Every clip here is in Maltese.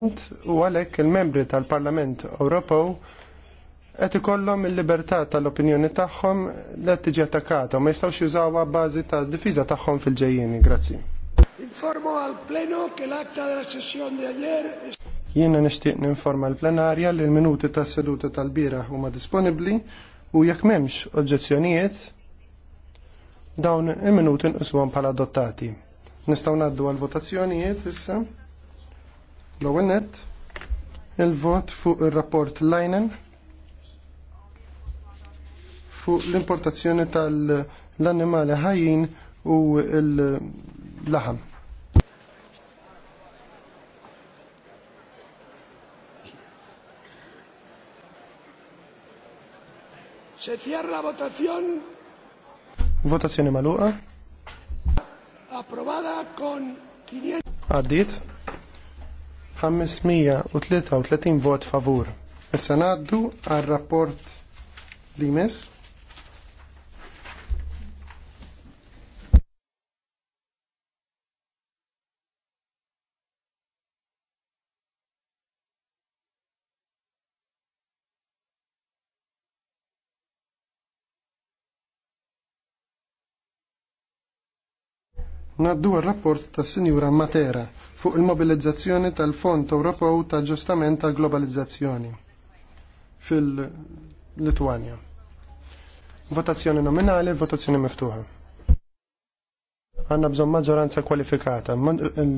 u għalhekk il-membri tal-Parlament Ewropew qed ikollhom il-libertà tal-opinjoni tagħhom li qed tiġi attakkata u ma jistgħux jużawha bażi tad-difiża tagħhom fil-ġejjieni. Grazzi. Informo għal pleno che l della sessjoni di ayer Jiena nixtieq ninforma l-plenarja li l-minuti tas-seduta tal-bira huma disponibbli u jekk m'hemmx oġġezzjonijiet dawn il-minuti nqisuhom bħala adottati. Nistgħu ngħaddu għal votazzjonijiet issa. L-ewwel nett il-vot fuq ir-rapport il Leinen fuq l-importazzjoni tal-annimali ħajjin u l-laħam. Se cierra votación. Votazione maluqa. Approvata con 500. Addit. 533 vot favur. Issa ngħaddu għar-rapport li jmiss. Naddu għal rapport ta' Sinjura Matera fuq il-mobilizzazzjoni tal-Fond Ewropew ta' ġustament tal-globalizzazzjoni fil-Litwanja. Votazzjoni nominali, votazzjoni miftuħa. Għanna bżon maġġoranza kwalifikata,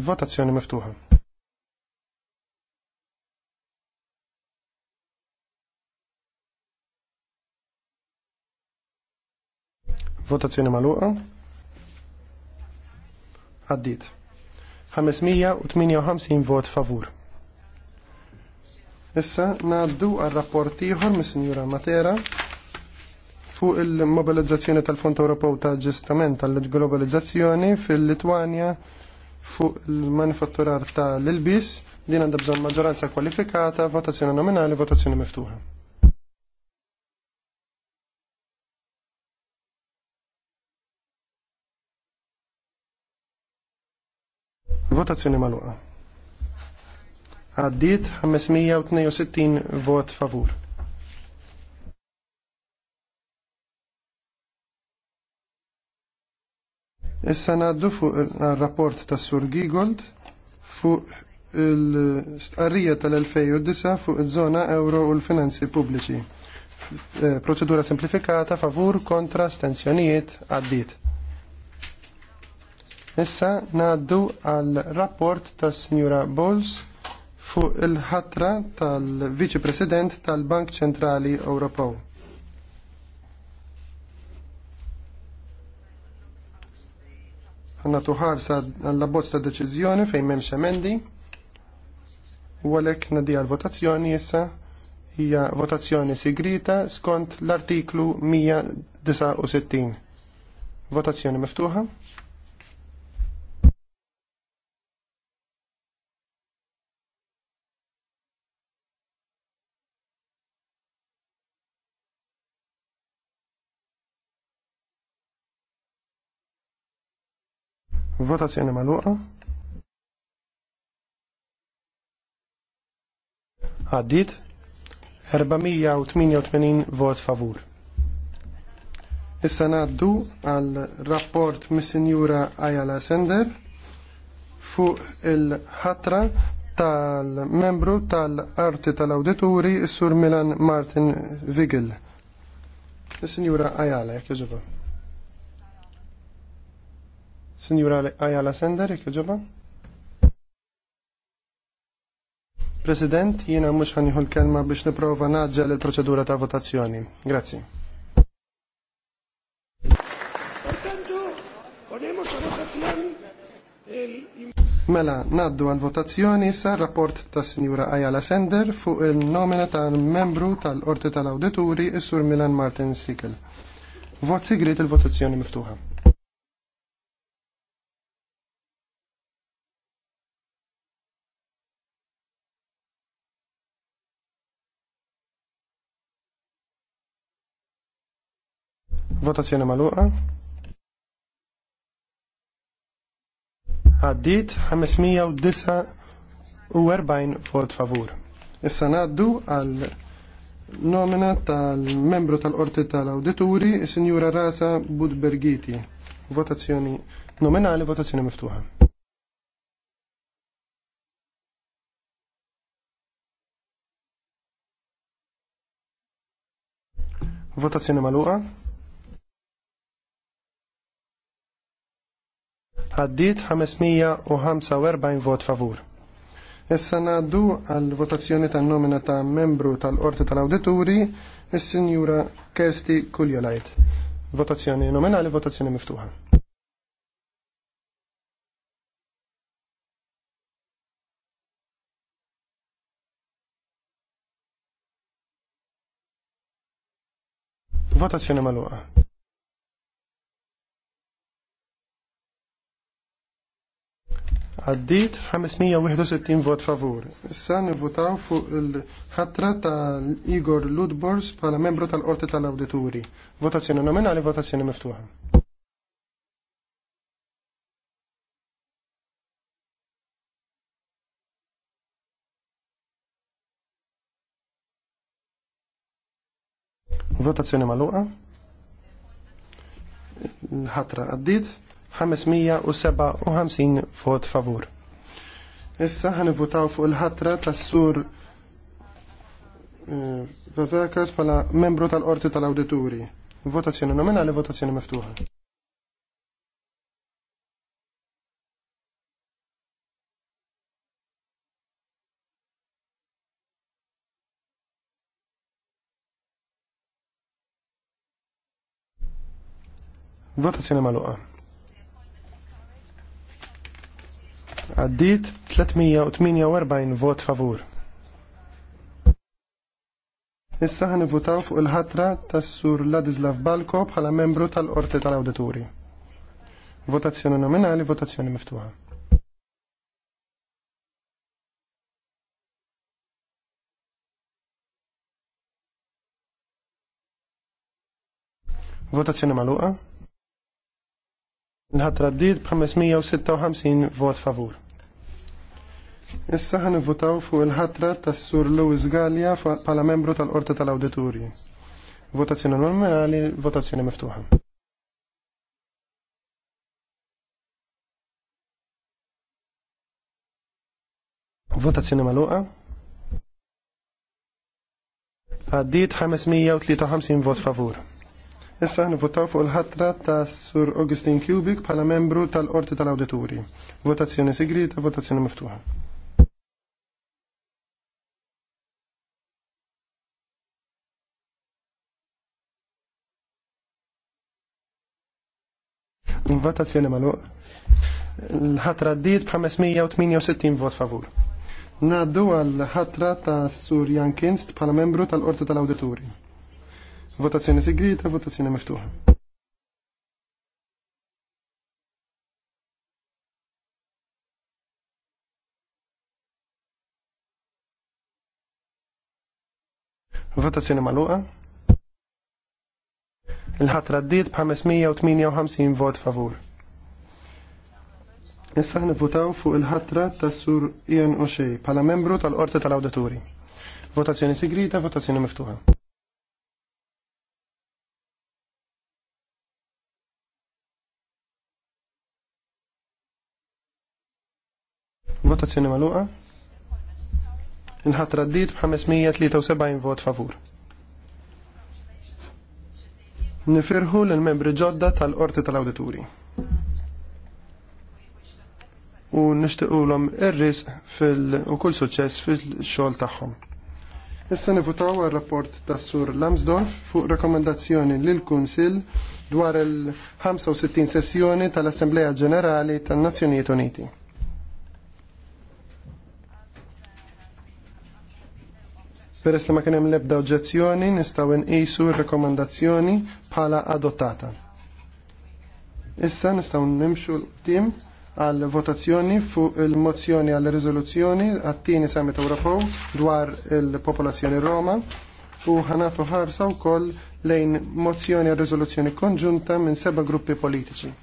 votazzjoni miftuħa. Votazzjoni maluqa. Għaddit. 558 vot favur. Issa naddu għal rapport ieħor mis-Sinjura Matera fuq il-mobilizzazzjoni tal-Fond Ewropew ta' ġestament tal-globalizzazzjoni fil-Litwanja fuq il-manifatturar tal-ilbis din għandha bżonn maġġoranza kwalifikata, votazzjoni nominali, votazzjoni miftuħa. Votazzjoni magħluqa. Għaddiet 562 vot favur. Issa naddu fuq il-rapport ta' Sur Gigold fuq il-stqarrija tal-2009 fuq il-zona euro u l-finanzi pubbliċi. Eh, proċedura simplifikata favur kontra stenzjonijiet għaddit. Issa naddu għal rapport tas Signora Bowles fuq il-ħatra tal-Viċi President tal-Bank Ċentrali Ewropew. Għanna tuħarsa għalla bozza deċizjoni fejn memx emendi u għalek nadi għal-votazzjoni issa hija votazzjoni sigrita skont l-artiklu 169. Votazzjoni miftuħa. Votazzjoni maluqa. Għaddit. 488 vot favur. Issa naddu għal rapport mis-Sinjura Ayala Sender fuq il-ħatra tal-membru tal-arti tal-awdituri, Sur Milan Martin Vigil. Is-Sinjura Ayala, jek Signora Ayala Sender, jek ġoba? President, jiena mhux ħanniħu l-kelma biex nipprova naġġel il-proċedura ta' votazzjoni. Grazzi. Mela, naddu għal votazzjoni sa' rapport ta' Sinjura Ayala Sender fuq il-nomina tal-membru tal-Orti tal-Awdituri, is-Sur Milan Martin Sikel. Vot sigrit il-votazzjoni miftuħa. Votazzjoni maluqa. Għaddit 549 vot favur. Issa naddu għal nomina tal-membru tal-Qorti tal il Sinjura Rasa Budbergiti. Votazzjoni nominali, votazzjoni miftuħa. Votazzjoni maluqa. għaddit 545 vot favur. Issa naddu għal votazzjoni tan nomina ta' membru tal-Qorti tal-Awdituri il sinjura Kersti Kuljolajt. Votazzjoni nominali, votazzjoni miftuħa. Votazzjoni maluqa. Għaddit 561 vot favur. Issa nivvutaw fuq il-ħatra ta' Igor Ludbors bħala membru tal-Qorti tal-Awdituri. Votazzjoni nominali, votazzjoni miftuħa. Votazzjoni maluqa. L-ħatra għaddit. 557 vot favur. Issa ħan votaw fuq il-ħatra tas-sur eh, Vazakas pala membru tal-Qorti tal-Awdituri. Votazzjoni nominali, votazzjoni miftuħa. Votazzjoni maluqa. għaddit 348 vot favur. Issa ħan votaw fuq il-ħatra tas sur Ladislav Balko bħala membru tal-Qorti tal-Awdituri. Votazzjoni nominali, votazzjoni miftuħa. Votazzjoni maluqa. Il-ħatra d dit b'556 vot favur. Issa ħan votaw fuq il-ħatra tas sur Lewis Gallia pala membru tal-Qorta tal-Awditurji. Votazzjoni nominali, votazzjoni miftuħa. Votazzjoni maluqa. Għaddit 553 vot favur. Issa nivvotaw fuq il-ħatra tas Sur Augustin Kubik bħala membru tal-Qorti tal-Awdituri. Votazzjoni segreta, votazzjoni miftuħa. Votazzjoni magħluq. L-ħatra d-diet b'568 vot favur. Naddu għal-ħatra ta' Sur Jan Kinst bħala membru tal-Qorti tal auditori Votazzjoni segreta, votazzjoni miftuħa. Votazzjoni maluqa. Il-ħatra d-diet b'558 vot favur. Issa votaw fuq il-ħatra tas sur Ian O'Shea bħala membru tal-Qorti tal-Awdaturi. Votazzjoni segreta, votazzjoni miftuħa. Votazzjoni maluqa. Il-ħatra d-diet b'573 vot favur. Nifirħu l-membri ġodda tal-Qorti tal-Awdituri. U nishtiqu l-om fil- u kull suċċess fil-xogħol tagħhom. Issa nifutaw għal rapport tas Sur Lamsdorf fuq rekomendazzjoni lill-Kunsill dwar il-65 sessjoni tal-Assembleja Ġenerali tan-Nazzjonijiet Uniti. Peress li ma kien hemm l-ebda oġġezzjoni nistgħu nqisu r-rekomandazzjoni bħala adottata. Issa nistgħu nimxu tim għal votazzjoni fuq il-mozzjoni għal riżoluzzjoni għat-tieni Summit Ewropew dwar il-popolazzjoni Roma u ħanatu ħarsa wkoll lejn mozzjoni għal riżoluzzjoni konġunta minn seba' gruppi politiċi.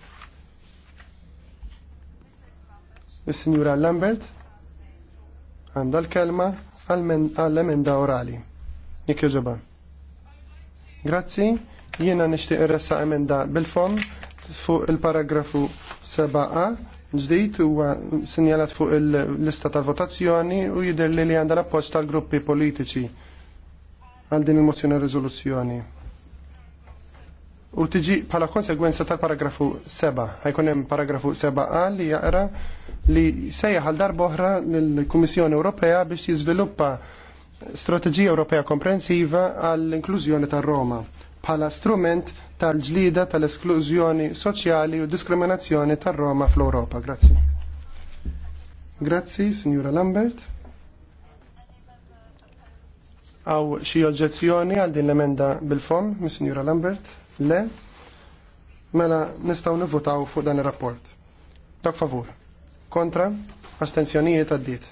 Is-Sinjura Lambert għandha l-kelma għall-emenda orali. Jek joġoba. Grazzi, jiena nishtiq irressa emenda bil-fom fuq il-paragrafu 7a ġdijt huwa sinjalat fuq il-lista tal-votazzjoni u jidher li li għandha l-appoġġ tal-gruppi politiċi għal din il-mozzjoni riżoluzzjoni u tiġi bħala konsegwenza tal-paragrafu 7. Ħajkun hemm paragrafu 7a li jaqra li sejjaħ għal darba oħra lill-Kummissjoni Ewropea biex jiżviluppa strateġija Ewropea komprensiva għall-inklużjoni tar-Roma bħala strument tal-ġlida tal-esklużjoni soċjali u diskriminazzjoni tar-Roma fl-Ewropa. Grazzi. Grazzi, Signora Lambert. Għaw xi oġġezzjoni għal din l-emenda bil-fom, Signora Lambert? Le? Mela nistgħu nivvutaw fuq dan ir-rapport. Dak favur. Kontra? Astenzjonijiet għaddiet.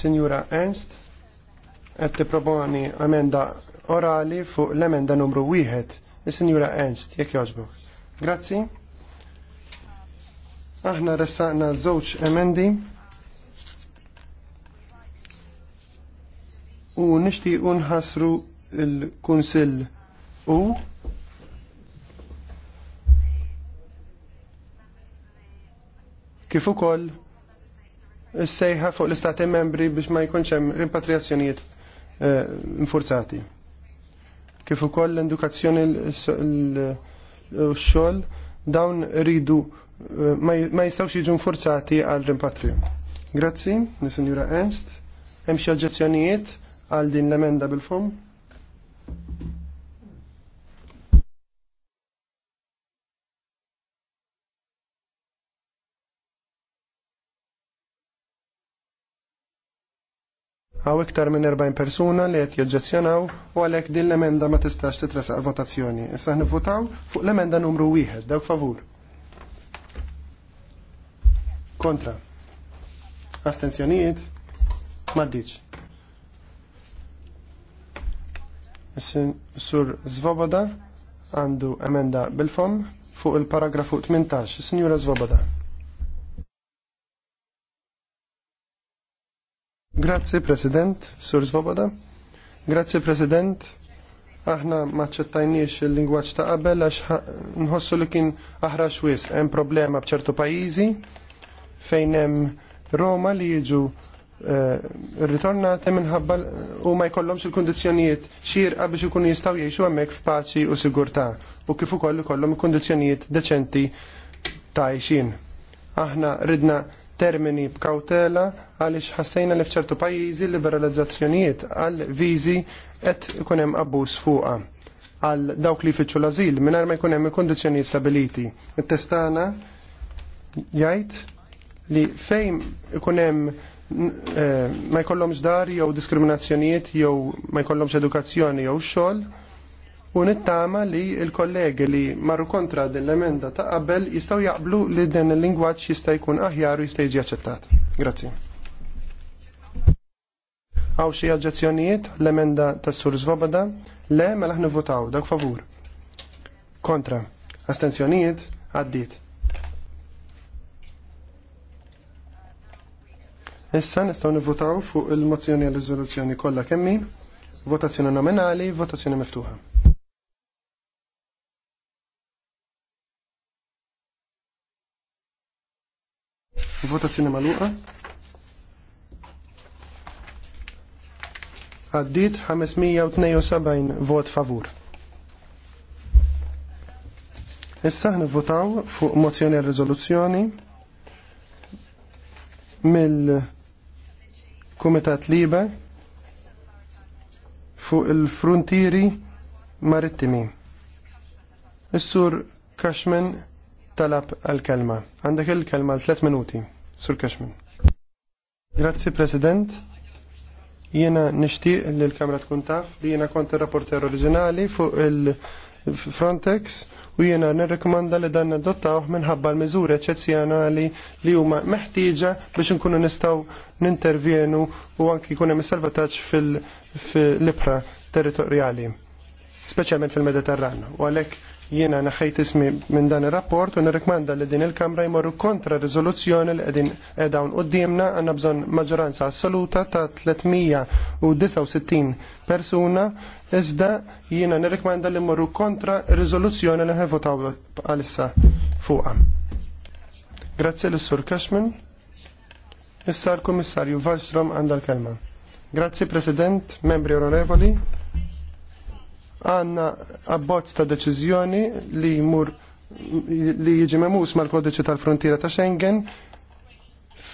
Signora Ernst, qed tipproponi emenda orali fuq l-emenda numru wieħed. Is-Sinjura Ernst, jekk jogħġbok. Grazzi. Aħna ressaqna żewġ emendi u nixtiequ nħassru il kunsill u kif ukoll is-sejħa fuq l-istati membri biex ma jkunx hemm rimpatrijazzjonijiet infurzati. Eh, kif ukoll l-edukazzjoni l-xogħol dawn ridu eh, ma jistgħux jiġu infurzati għal rimpatrio. Grazzi, nis-Sinjura Ernst. Hemm xi oġġezzjonijiet għal din l-emenda bil-fom? Għaw iktar minn 40 persuna li qed joġġezzjonaw u għalhekk din l-emenda ma tistax titresaq votazzjoni. Issa nivvutaw fuq l-emenda numru wieħed, dawk favur. Kontra. Astenzjonijiet? Maddiċ. Sur Zvoboda għandu emenda bil-fom fuq il-paragrafu 18. Signora Zvoboda. Grazie President, Sur Zvoboda. Grazie President. Aħna maċċettajniex il-lingwaċ ta' qabel għax nħossu li kien aħra xwis hemm problema b'ċertu pajjiżi fejn hemm Roma li jiġu rritornati eh, minħabba u ma jkollhomx il-kundizzjonijiet xierqa biex ikunu jistgħu jgħixu hemmhekk f'paċi u sigurtà u kif ukoll ikollhom il kundizzjonijiet deċenti ta' għajxin. Aħna ridna termini b'kawtela għaliex ħassejna li f'ċertu pajjiżi liberalizzazzjonijiet għal viżi qed ikun hemm abbuż fuqha għal dawk li jfittxu l-azil mingħajr ma jkun hemm il-kundizzjonijiet stabiliti. It-testana jgħid li fejn ikun hemm Eh, ma jkollhomx dar jew diskriminazzjonijiet jew ma jkollhomx edukazzjoni jew xogħol u nittama li il-kollegi li marru kontra din l-emenda ta' qabel jistgħu jaqblu li din il-lingwaġġ jista' jkun aħjar u jista' jiġi aċċettat. Grazzi. Għaw xi oġġezzjonijiet l-emenda tas Sur Svoboda? Le, mela ħnivvotaw, dak favur. Kontra. Astenzjonijiet? Għaddiet. Issa nistgħu nivvotaw fuq il-mozzjoni għal riżoluzzjoni kollha kemmi, votazzjoni nominali, votazzjoni miftuħa. Votazzjoni magħluqa. Għaddit 572 vot favur. Issa nivvotaw fuq mozzjoni għal riżoluzzjoni mill Kumitat Tliba fuq il-frontieri marittimi. Is-sur Kashman talab għal-kelma. Għandek il-kelma għal 3 minuti. Sur Cashman. Grazzi President. Jiena nixtieq li l-Kamra tkun taf li jiena kont ir rapporter oriġinali fuq il- Frontex u jiena nirrekomanda li dan nadottaw minħabba l-miżuri eċezzjonali li huma meħtieġa biex nkunu nistgħu nintervjenu u anki jkun hemm salvataġġ fil-libra territorjali, speċjalment fil-Mediterran. U għalhekk Jiena naħejt ismi minn dan ir-rapport u nirrikmanda li din il-Kamra jmorru kontra riżoluzzjoni li qegħdin dawn quddiemna għandna bżonn maġġoranza assoluta ta' 369 persuna iżda jiena nirrikmanda li mmorru kontra riżoluzzjoni li ħevutaw għalissa fuqha. Grazzi l-Sur Kashman. Issa l-Kummissarju Vajstrom għandha l-kelma. Grazzi President, membri onorevoli, għanna abbozz ta' deċiżjoni li jmur li jiġi memus mal-kodiċi tal-frontiera ta' Schengen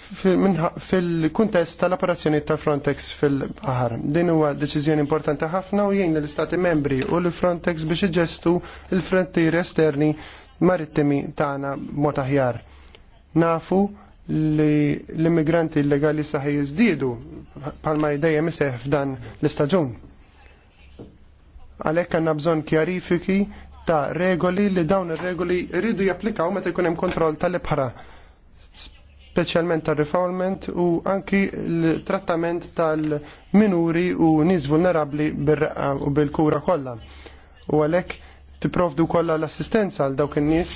fil-kuntest tal-operazzjoni ta' Frontex fil-bahar. Din huwa deċiżjoni importanti ħafna u jgħin l-Istati membri u l-Frontex biex iġestu l-frontieri esterni marittimi tagħna mod aħjar. Nafu li l-immigranti illegali saħi jizdidu palma dejjem iseħ f'dan l-istaġun Għalhekk għandna bżonn kjarifiki ta' regoli li dawn ir-regoli rridu japplikaw meta jkun hemm kontroll tal-ibħra specialment tal-refoulement u anki l-trattament tal-minuri u nies vulnerabli bil-raqqa u bil-kura kollha. U għalhekk tipprovdu kollha l-assistenza għal dawk in-nies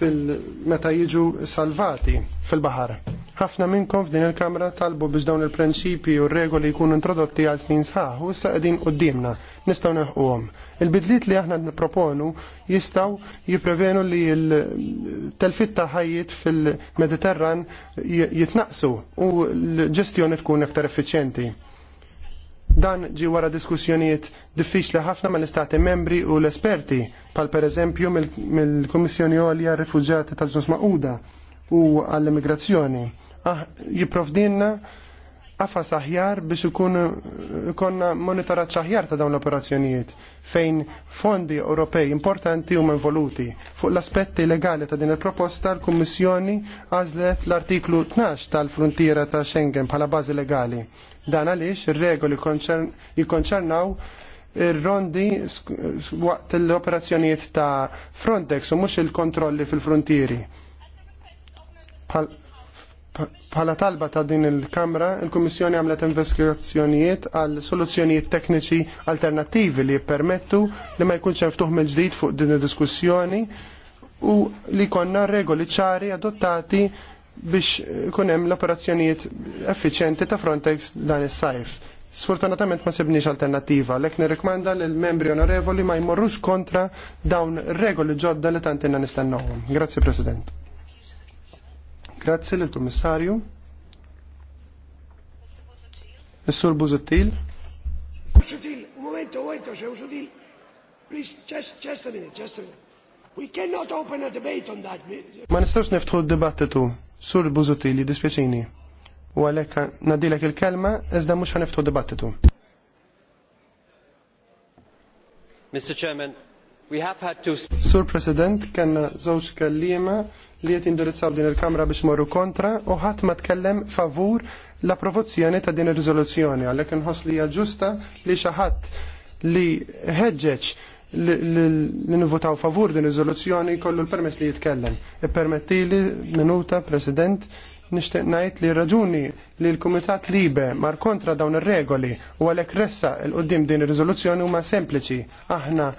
fil-meta jiġu salvati fil-baħar. Ħafna minnkom f'din il-Kamra talbu biex dawn il-prinċipi u regoli jkunu introdotti għal snin sħaħ u issa qegħdin qudiemna nistgħu nilħquhom. Il-bidliet li aħna nipproponu jistgħu jipprevenu li l-telfit ta' ħajjit fil-Mediterran jitnaqsu u l-ġestjoni tkun aktar effiċjenti. Dan ġi wara diskussjonijiet diffiċli ħafna l istati membri u l-esperti, pal per eżempju mill komissjoni Olja Rifuġjati tal-Ġnus Maquda u għall-immigrazzjoni. Ah, jiprofdinna għafa saħjar biex ikun konna monitorat saħjar ta' dawn l-operazzjonijiet fejn fondi Ewropej importanti huma involuti. Fuq l-aspetti legali ta' din il-proposta l-Kummissjoni għażlet l-artiklu 12 tal frontiera ta' Schengen bħala bażi legali. Dan għaliex ir-regoli jikkonċernaw ir-rondi waqt l-operazzjonijiet ta' Frontex u mhux il-kontrolli fil-frontieri Bħala talba ta' din il-Kamra, il-Kummissjoni għamlet investigazzjonijiet għal soluzzjonijiet tekniċi alternattivi li jippermettu li ma jkunx hemm ftuħ mill-ġdid fuq din id-diskussjoni u li konna regoli ċari adottati biex ikun hemm l-operazzjonijiet effiċjenti ta' Frontex dan is-sajf. Sfortunatament ma sebniex alternattiva, lek nirrikmanda l membri onorevoli ma jmorrux kontra dawn regoli ġodda li tantinna nistennawhom. Grazzi President. Grazie, lill kummissarju is Buzettil. Busuttil. Busuttil, un momento, un momento, Sir Busuttil. Please, just, just a minute, just a minute. We cannot open a debate on that. Ma nistawx niftħu d-dibattitu, Sur Busuttil, dispjaċini. U għalhekk nadilek il-kelma, ezda iżda mhux d dibattitu. Mr. Chairman, Sur President, kanna żewġ kelliema li qed indirizzaw din il-Kamra biex morru kontra u ħadd ma tkellem favur l provozzjoni ta' din ir-riżoluzzjoni għalhekk inħoss li hija ġusta li xi ħadd li ħeġġeġ li nivvotaw favur din riżoluzzjoni kollu l-permess li jitkellem. Ippermettili minuta, President, nishtiq ngħid li raġuni li l-Kumitat Libe mar kontra dawn ir-regoli u għalhekk ressa l qudiem din ir-riżoluzzjoni huma sempliċi. Aħna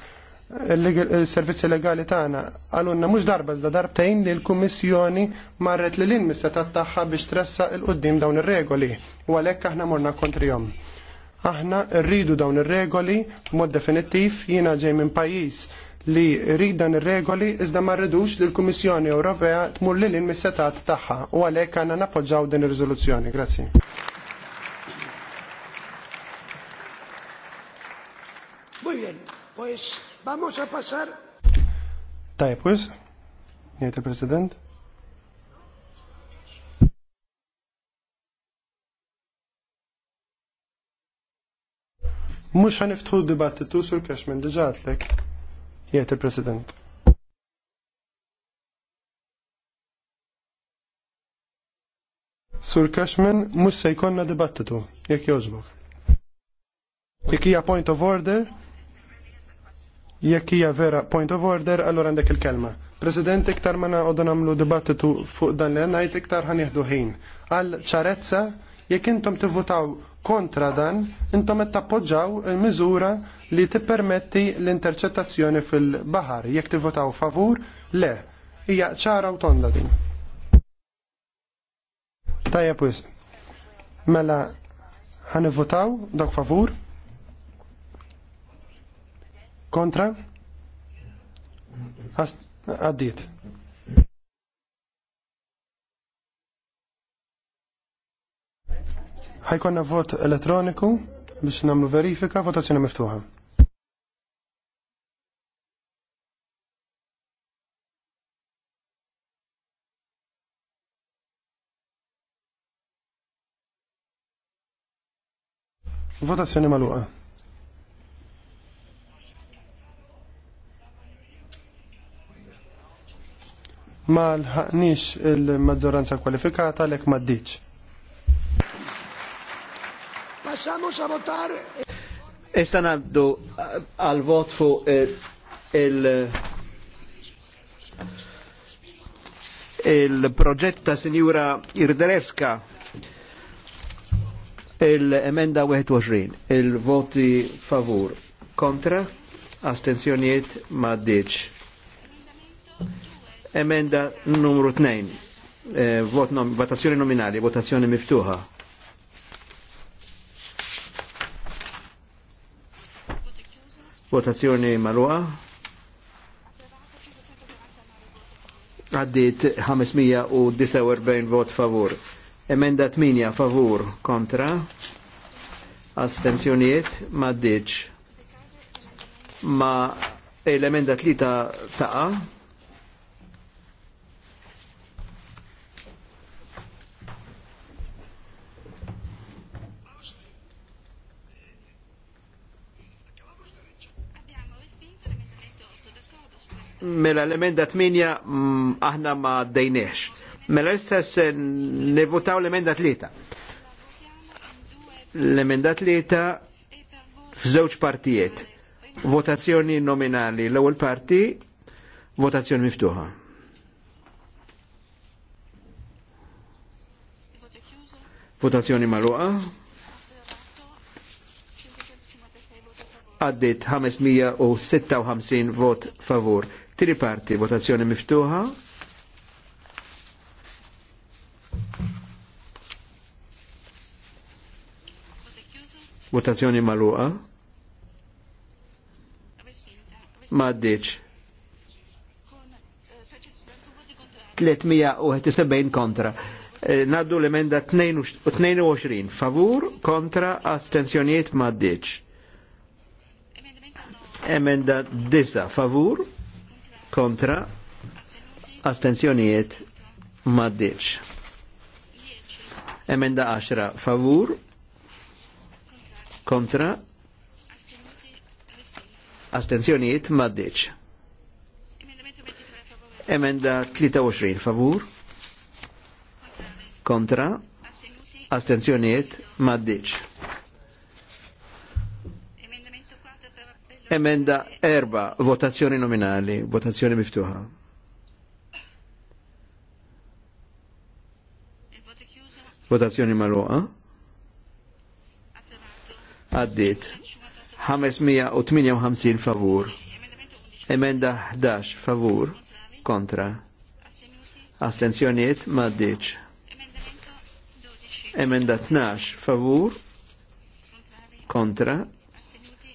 il-servizzi eh, legali tagħna għalunna mhux darba iżda darbtejn li l-Kummissjoni marret li lin mis-setat tagħha biex tressa il qudiem dawn ir-regoli u għalhekk aħna morna kontrihom. Aħna rridu dawn ir-regoli b'mod definittiv jiena ġej minn pajjiż li rrid dan ir-regoli iżda ma rridux li l-Kummissjoni Ewropea tmur lil mis-setat tagħha u għalhekk għandna nappoġġaw din ir-riżoluzzjoni. Grazzi. Muy bien, pues Vamos a pasar. Tajb, pues. Nieto president Mux ħaniftħu dibattitu sur Cashman diġa għatlek, jgħid il-President. Sur Cashman mux se jkonna dibattitu, jek jożbok. Jek point of order, Jekk hija vera point of order, allora għandek il-kelma. President, iktar ma naqogħdu nagħmlu dibattitu fuq dan li ngħid iktar ħanieħdu ħin. Għal ċarezza, jekk intom tivvutaw kontra dan, intom qed tappoġġaw il-miżura li tippermetti l-interċettazzjoni fil-baħar. Jekk tivvutaw favur, le. Hija ċara u tonda din. Tajja pwis. Mela ħanivvutaw dak favur Kontra? Għaddiet. ħajkonna vot elettroniku biex namlu verifika votazzjoni miftuħa. Votazzjoni maluqa. ma l-ħaqnix il-maġġoranza kwalifikata l-ek maddiċ. Passamos a votare. Issa naddu għal vot fu il- il-proġett ta' Sinjura Irderevska il-emenda 21 il-voti favur kontra astenzjoniet ma' diċ Emenda numru 2. Eh, vot nom votazzjoni nominali, votazzjoni miftuħa. Votazzjoni maluqa. Għaddit 549 vot favur. Emenda 8 favur kontra. Astenzjoniet ma ddiċ. Ma eh, l-emenda 3 taqa. Ta mela l-emenda 8 mm, aħna ma dejnex. Mela l-istess nivutaw l-emenda 3. L-emenda 3 f'żewġ partijiet. Votazzjoni nominali l-ewwel parti, votazzjoni miftuħa. Votazzjoni maluqa. Għaddit 556 vot favur Tiri parti, votazzjoni miftuħa. Votazzjoni maluqa. Ma ddiċ. 371 kontra. Eh, naddu l-emenda 22 favur kontra astenzjoniet ma Emenda 9 favur kontra astenzjonijiet maddiċ. Emenda 10 favur kontra astenzjonijiet maddiċ. Emenda 23 favur kontra astenzjonijiet maddiċ. Emenda erba, votazzjoni nominali, votazzjoni miftuħa. Votazzjoni maluqa. Għaddit. 558 favur. Emenda 11 favur. Kontra. Astenzjoniet maddiċ. Emenda 12 favur. Kontra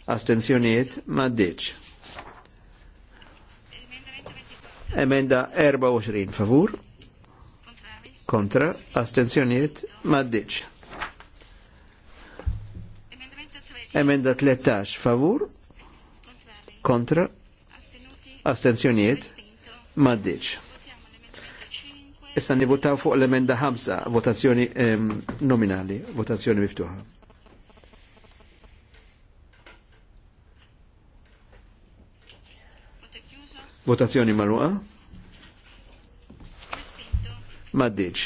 astenzjoniet ddeċ. Emenda 24 favur, kontra, astenzjoniet ddeċ. Emenda 13 favur, kontra, astenzjoniet Essa Issa nivutaw fuq l-emenda 5, votazzjoni nominali, votazzjoni miftuħa. Votazzjoni maluqa. Maddiġ.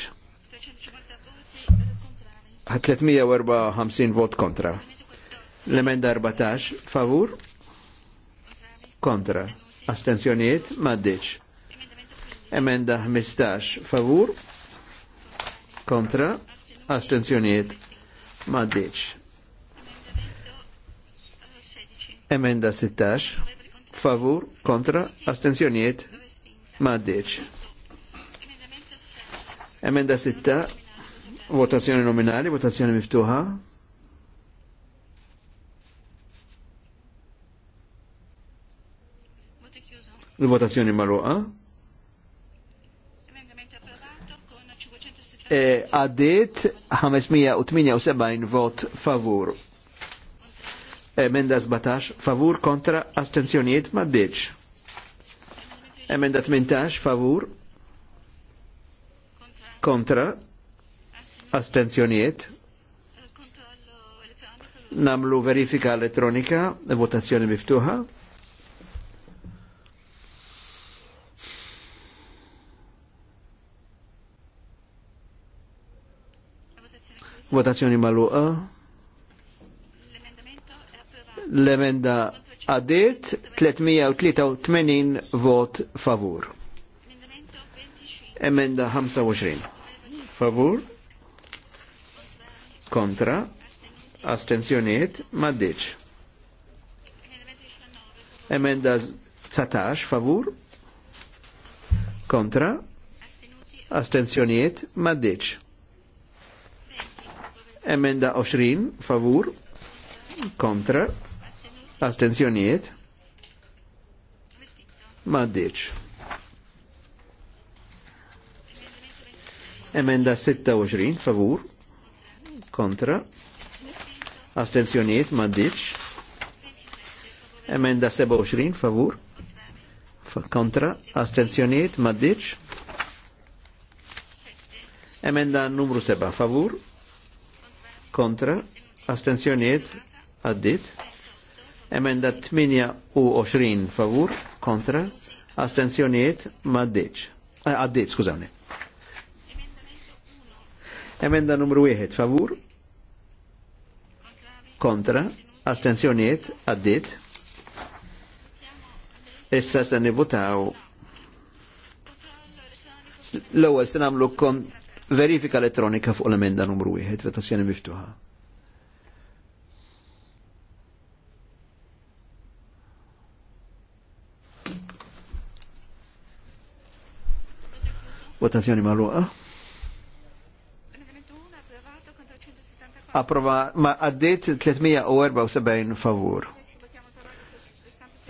Ha 354 vot kontra. L-emenda 14 favur. Kontra. Astenzjoniet Maddiġ. Emenda 15 favur. Kontra. Astenzjoniet Maddiġ. Emenda 16 favur, kontra, astenzjoniet, maddiċ. Emenda sitta. votazzjoni nominali, votazzjoni miftuħa. Il-votazzjoni marruqa. Eh, għaddit 578 vot favur, Emenda 17, favur kontra astenzjonijiet maddiċ. Emenda 18, favur kontra astenzjoniet Namlu verifika elettronika, votazzjoni miftuħa. Votazzjoni maluqa. L-emenda għadiet 383 vot favur. Emenda 25. Favur. Kontra. Astenzjoniet. Maddiċ. Emenda 19. Favur. Kontra. Astenzjoniet. Maddiċ. Emenda 20. Favur. Kontra astenzjonijiet maddiċ. Emenda 26, favur, kontra, astenzjoniet, maddiċ. Emenda 27, favur, kontra, astenzjoniet, maddiċ. Emenda numru 7, favur, kontra, astenzjoniet, addit. Emenda 28 favur kontra astenzjoniet ma ddiċ. Eh, Għaddiċ, skużawni. Emenda numru 1 favur kontra astenzjoniet għaddit. Issa s-san nivutaw l-ewwel se kon verifika elettronika fuq l-emenda numru 1 vetta votazzjoni miftuħa. Votazzjoni marruqa. Approva ma għaddit 374 favur.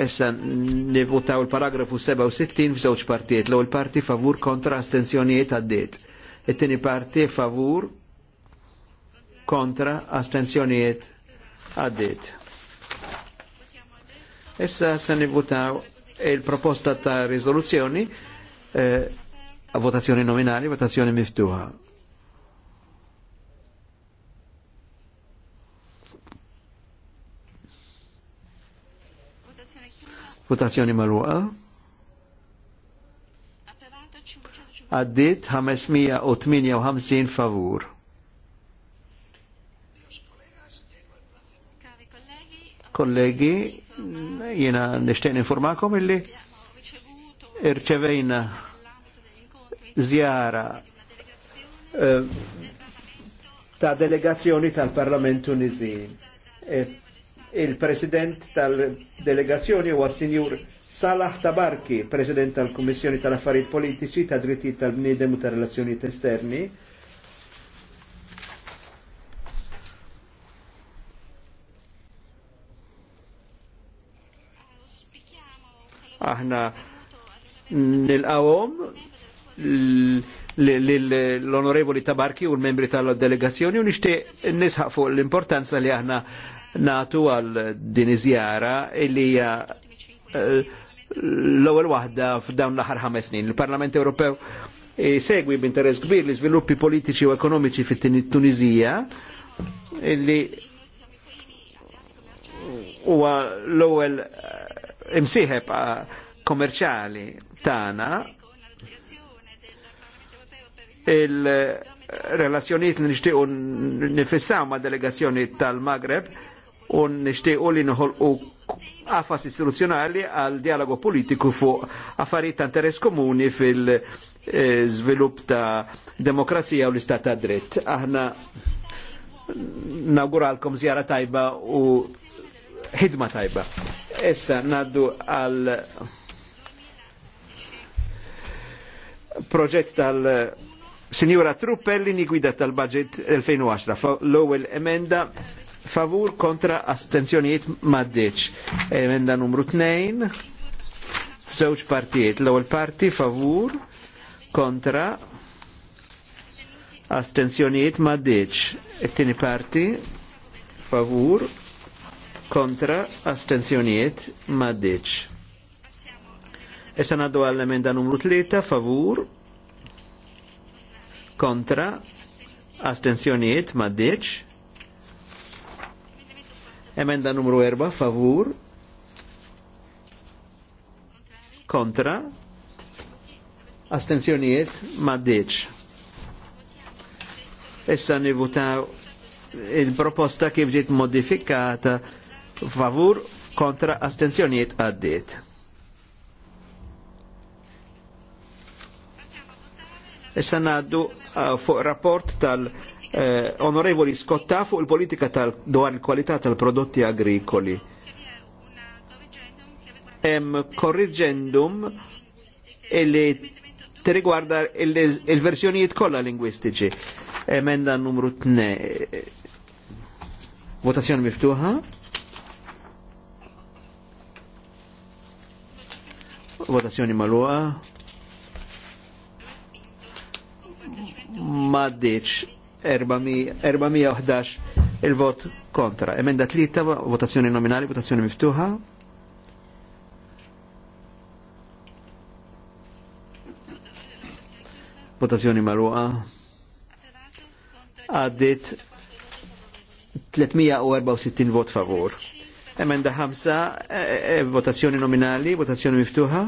Essa nivutaw il-paragrafu 67 f'żewġ partijiet. L-ewwel parti favur kontra astenzjonijiet għaddit. It-tieni parti favur kontra astenzjonijiet għaddit. Issa se nivutaw il-proposta ta' rizoluzzjoni eh, votazzjoni nominali, votazzjoni miftuħa. Votazzjoni marruqa. Għaddit 558 favur. Kollegi, jena nishtejn informakom illi irċevejna żjara eh, ta' delegazzjoni tal-Parlament Tunizin. Eh, Il-President tal-delegazzjoni huwa Sinjur Salah Tabarki, President tal-Kummissjoni tal-Affarijiet Politiċi ta' Drittijiet tal-Bniedem u ta' relazzjonijiet Esterni. Aħna nilqawhom l-onorevoli Tabarki u l-membri tal-delegazzjoni u nishtiq nisħaq fuq l-importanza li aħna natu għal din iżjara illi hija eh, l-ewwel waħda f'dawn l-aħħar ħames snin. Il-Parlament Ewropew eh, segwi b'interess kbir li iżviluppi politiċi u ekonomiċi fit-Tunizija illi huwa l-ewwel eh, imsieħeb kommerċali tagħna il-relazzjoniet li nishtiqu nifissaw ma' delegazzjoni tal-Magreb u nishtiqu li nħolqu għafas istituzzjonali għal dialogu politiku fuq affarijiet ta' interess komuni fil-żvilupp ta' demokrazija u l-istat ta' dritt. Aħna nawguralkom zjara tajba u ħidma tajba. Issa naddu għal proġett tal- Signora Truppelli ni guida tal-budget 2010, l-ewwel emenda favur kontra astenzjonijiet maddeċ. Emenda numru 2, f'żewġ partijiet, l-ewwel parti favur kontra astenzjonijiet maddeċ. et tieni parti favur kontra astenzjonijiet maddeċ. Issa ngħaddu għall-emenda numru 3 favur kontra, ma maddiċ, emenda numru 4 favur, kontra, astensjonijiet maddiċ. Issa nivuta il-proposta kif ġiet modifikata favur kontra astenzjonijiet għaddiet. Issa naddu Eh, fuq rapport tal- eh, onorevoli Scotta fuq il-politika tal dwar il-kwalità tal-prodotti agrikoli. Hemm korriġendum illi tirigwarda il-versjonijiet kollha lingwistiċi. Emenda numru 2. Votazzjoni miftuħa. Votazzjoni magħluqa. maddiċ 411 e il-vot kontra. Emenda tlita, votazzjoni nominali, votazzjoni miftuħa. Votazzjoni marruqa. Għaddit 364 vot favor. Emenda 5, e, e, votazzjoni nominali, votazzjoni miftuħa.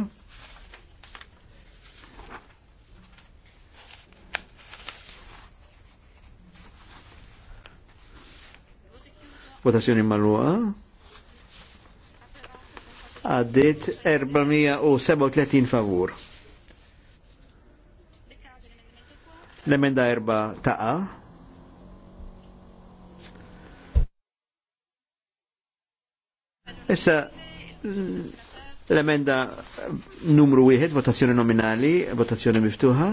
Votazzjoni maluqa. Għaddit 437 favur. L-emenda erba taqa. Issa l-emenda numru 1, votazzjoni nominali, votazzjoni miftuħa.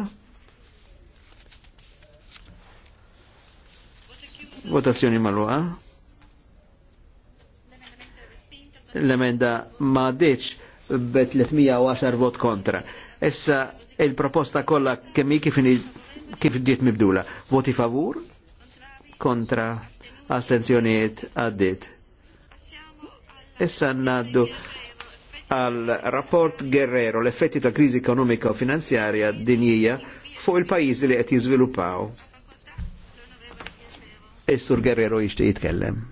Votazzjoni maluqa l-emenda ma deċ b 310 vot kontra. Issa il-proposta kollha kemm kif kif ġiet mibdula. Voti favur, kontra, astenzjoniet għaddit. Issa naddu għal rapport Guerrero l-effetti ta' krizi ekonomika u finanzjarja dinjija fuq il-pajjiżi li qed jiżviluppaw. is Guerrero jixtieq jitkellem.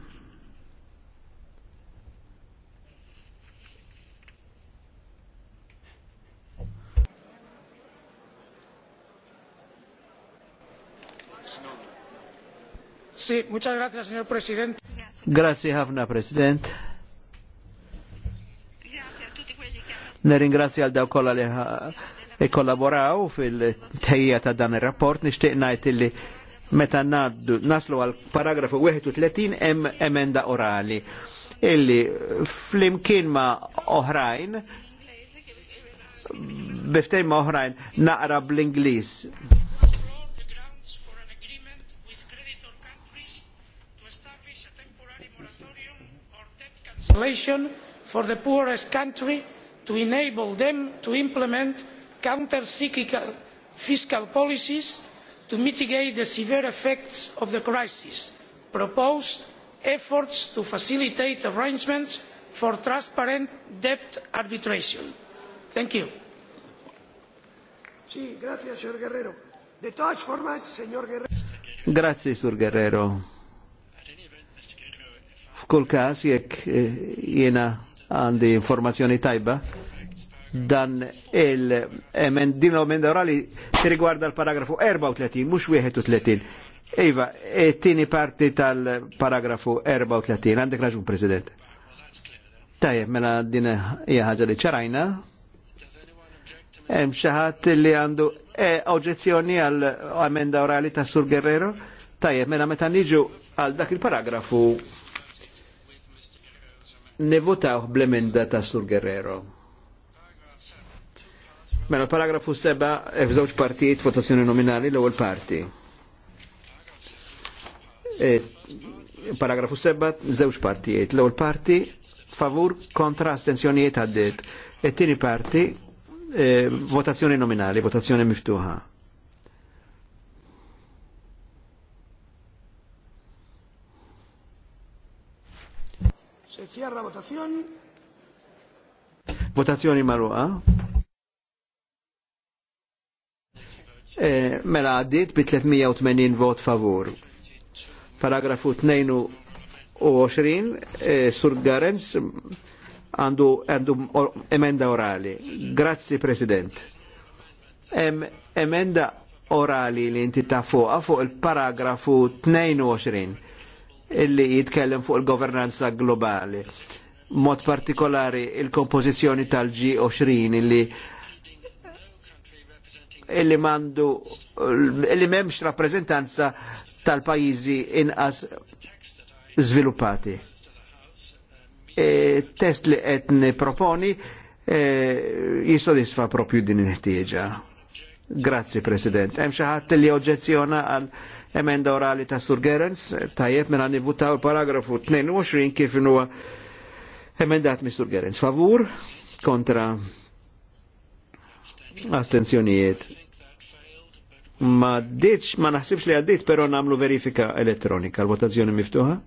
Si, muchas gracias, señor Presidente. Grazie ħafna, President. Neringrazzi għal daw kolla li e kollaboraw fil-tħejja ta' dan ir-rapport, nixtieq ngħid illi meta naddu naslu għal paragrafu 31 hemm emenda orali illi flimkien ma' oħrajn biftejn ma' oħrajn naqra bl-Ingliż legislation for the poorest country to enable them to implement counter cyclical fiscal policies to mitigate the severe effects of the crisis propose efforts to facilitate arrangements for transparent debt arbitration. Thank you. Guerrero. F'kull każ jekk eh, jiena għandi informazzjoni tajba, dan il-emen din l-omenda orali riguarda l-paragrafu 34, mux 31. Iva, it-tini e parti tal-paragrafu 34, għandek raġun, President. Tajjeb, mela din hija li ċarajna. Hemm xi ħadd li għandu e, oġġezzjoni għal emenda orali ta' Sur Guerrero. Tajjeb, mela meta niġu għal dak il-paragrafu nevutaw blemenda ta' Sur Guerrero. Mela, paragrafu 7, e f'żewġ partijiet votazzjoni nominali l ewel parti. E, paragrafu 7, żewġ partijiet. l ewel parti favur kontra astensjonijiet għaddit. E tini parti e, votazzjoni nominali, votazzjoni miftuħa. Cierra votazzjoni. Votazzjoni marruqa. E, mela għaddit bi 380 vot favur. Paragrafu 22, e, eh, Sur Garens, għandu emenda orali. Grazzi, President. Em, emenda orali li inti ta' fuqa fuq il-paragrafu 22 illi jitkellem fuq il-governanza globali. Mod partikolari il-kompożizzjoni tal-G20 illi illi mandu illi memx rappresentanza tal-pajizi inqas sviluppati. E, test li qed proponi e, jisodisfa propju din il-ħtieġa. Grazzi, President. Hemm xi ħadd li oġġezzjona għal emenda orali ta' Sur Gerens, tajjeb mela nivutaw paragrafu 22 kif huwa emendat mi Sur Gerens. Favur kontra astenzjonijiet. Ma ditx, ma naħsibx li għaddit, pero namlu verifika elettronika. L-votazzjoni miftuħa?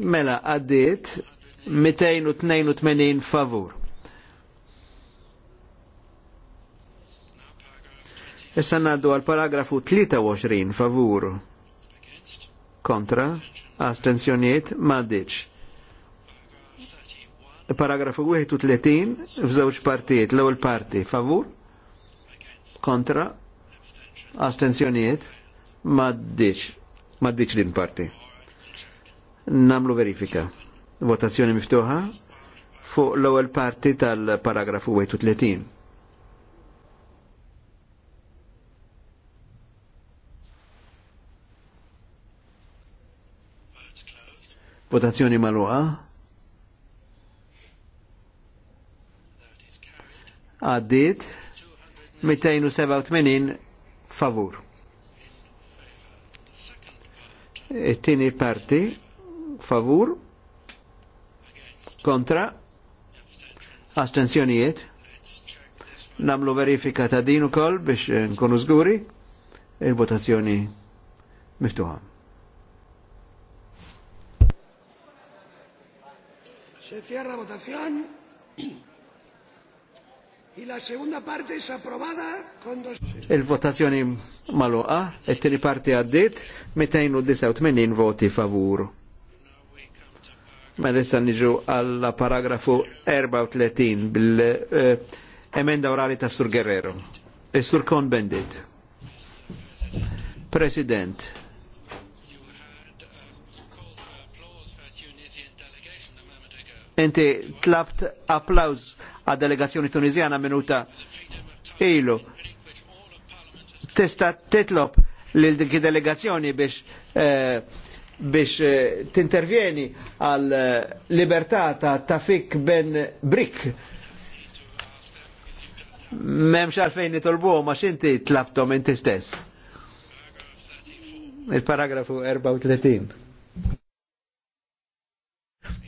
Mela għaddiet 282 favur. Issa naddu għal paragrafu 23 favur. Kontra, astenzjoniet, maddiċ. Paragrafu 31 f'żewġ partijiet, l-ewwel parti favur. Kontra, astenzjoniet, maddiċ. Maddiċ din parti namlu verifika. Votazzjoni miftuħa fuq l-ewwel parti tal-paragrafu 31. Votazzjoni maluqa. Għaddit 287 favur. It-tieni parti favur kontra astenzjonijiet namlu verifika ta' din ukoll biex nkunu żguri il-votazzjoni miftuħa. Se cierra votación y la segunda parte es aprobada con dos... Il-votazzjoni maluqa, it-tieni parti għaddit, 289 voti favur. Ma nista niġu għalla paragrafu 34 bil-emenda orali ta' Sur Guerrero. E Sur Kon Bendit. President. Enti tlabt applaus għad delegazzjoni tunizjana minuta ilu. Testa titlob l delegazzjoni biex eh, biex eh, tintervjeni għal eh, libertà ta' tafik ben brik. Memx għalfejn nitolbu, ma xinti tlabtom inti stess. Il-paragrafu 34.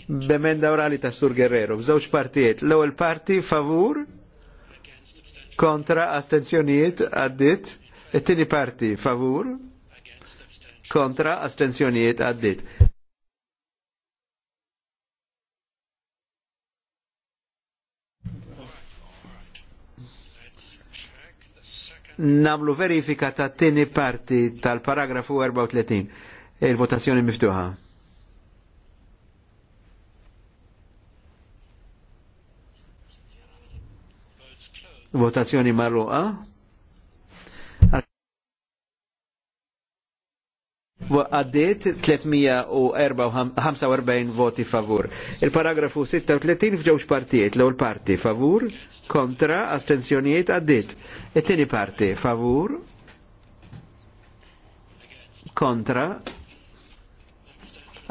Bemenda orali ta' Sur Guerrero, f'żewġ partijiet. L-ewwel parti favur kontra astenzjonijiet għaddit, it-tieni parti favur kontra astenzjonijiet għaddit. Namlu verifika ta' tini parti tal-paragrafu 34. Il-votazzjoni miftuħa. Votazzjoni marruqa. għaddiet 345 voti favur. Il-paragrafu 36 fġewx partijiet, l-ewwel parti favur, kontra, astensjonijiet, għaddiet. It-tieni parti favur, kontra,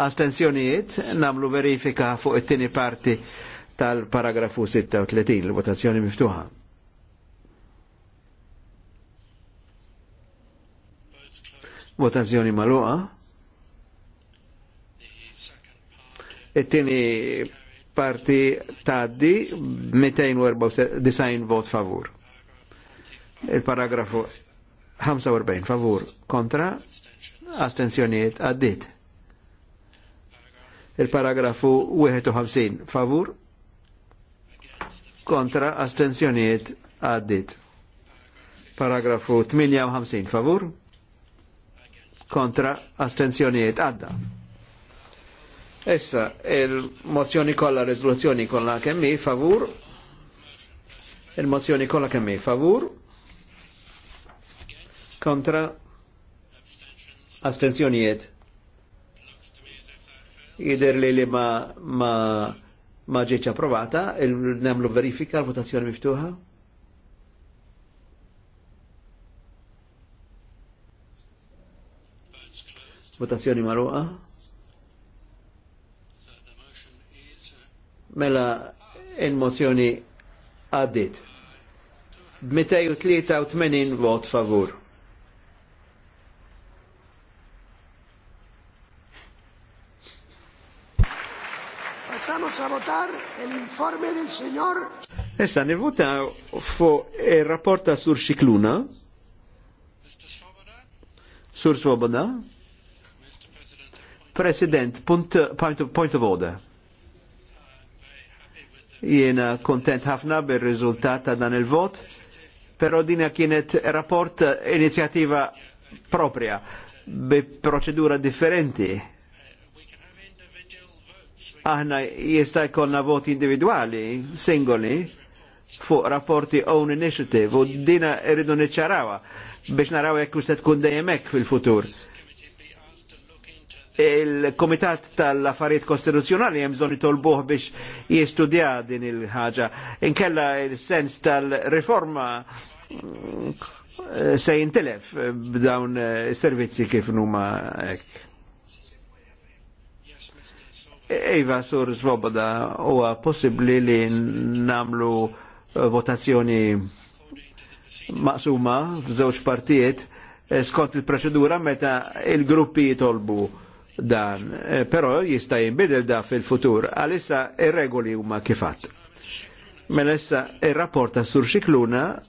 Astensjonijiet. namlu verifika fuq it-tieni parti tal-paragrafu 36, l-votazzjoni miftuħa. Votazzjoni maluqa. It-tieni parti taddi 294 vot favur. Il-paragrafu 45 favur kontra astenzjoniet għaddit. Il-paragrafu 51 favur kontra astenzjoniet għaddit. Paragrafu 58 favur kontra astenzjonijiet għadda. Issa, il-mozzjoni kolla, rezoluzzjoni kolla kemmi, favur. Il-mozzjoni kolla kemmi, favur. Kontra astenzjonijiet. Jider li li ma, ma, ma ġieċa provata, il-nemlu verifika, l-votazzjoni miftuħa. Votazzjoni marruqa. Mela il-mozzjoni għaddit. 283 vot favur. Passamos a votar el del señor. Essa ne vota fu il e rapporta sur Cicluna. Sur Svoboda. President, punt, point, of, point of order. Jiena kontent ħafna bil riżultat ta' dan il-vot, però din kienet rapport eh, inizjattiva propria bi proċedura differenti. Aħna jista' jkollna voti individuali, singoli, fuq rapporti own initiative u dina irridu niċċarawa biex naraw jekk se tkun dejjem hekk fil-futur il-Komitat tal-Affarijiet Kostituzzjonali hemm bżonn itolbuh biex jistudja din il-ħaġa. Inkella il-sens tal-riforma eh, se jintelef b'dawn eh, servizzi kif numa hekk. E-, iva, sur svoboda, huwa possibbli li namlu eh, votazzjoni maqsuma f'żewġ partijiet skont il-proċedura meta il-gruppi jitolbu dan, eh, però jista jinbidel da fil-futur, għalissa ir-regoli huma kifat. Mela issa ir rapporta Sur Xikluna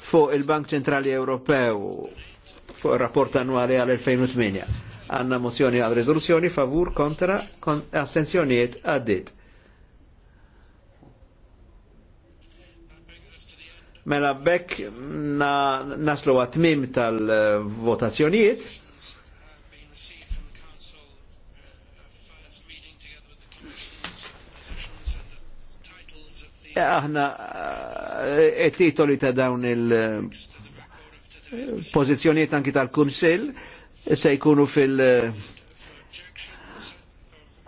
fuq il-Bank Ċentrali Ewropew fuq ir-rapport annwali għal 2008. Għanna mozzjoni għal riżoluzzjoni favur kontra kon, astenzjonijiet għaddit. Mela bekk na, naslu għatmim tal-votazzjonijiet Eh, aħna eh, titoli ta' dawn il-pozizjoniet eh, anki tal-Kunsil se jkunu fil-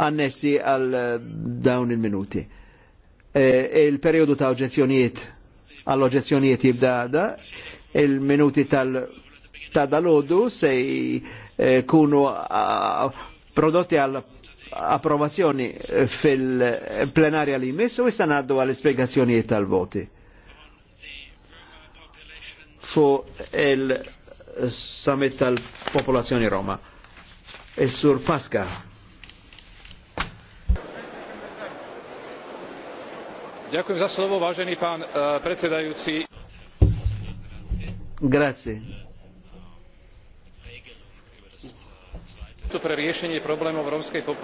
annessi għal dawn il-minuti. Il-periodu ta' oġezzjonijiet għall oġezzjonijiet jibda da, il-minuti tal- ta' dalodu se jkunu prodotti għal approvazzjoni fil-plenarja li jmiss u issa ngħaddu għall ispjegazzjonijiet tal-voti. Fu il-summit tal-popolazzjoni Roma. Il-Sur Pasqa. Dziękuję za słowo, vážený pan uh, eh, predsedajúci. Grazie. pre riešenie problémov rómskej populácie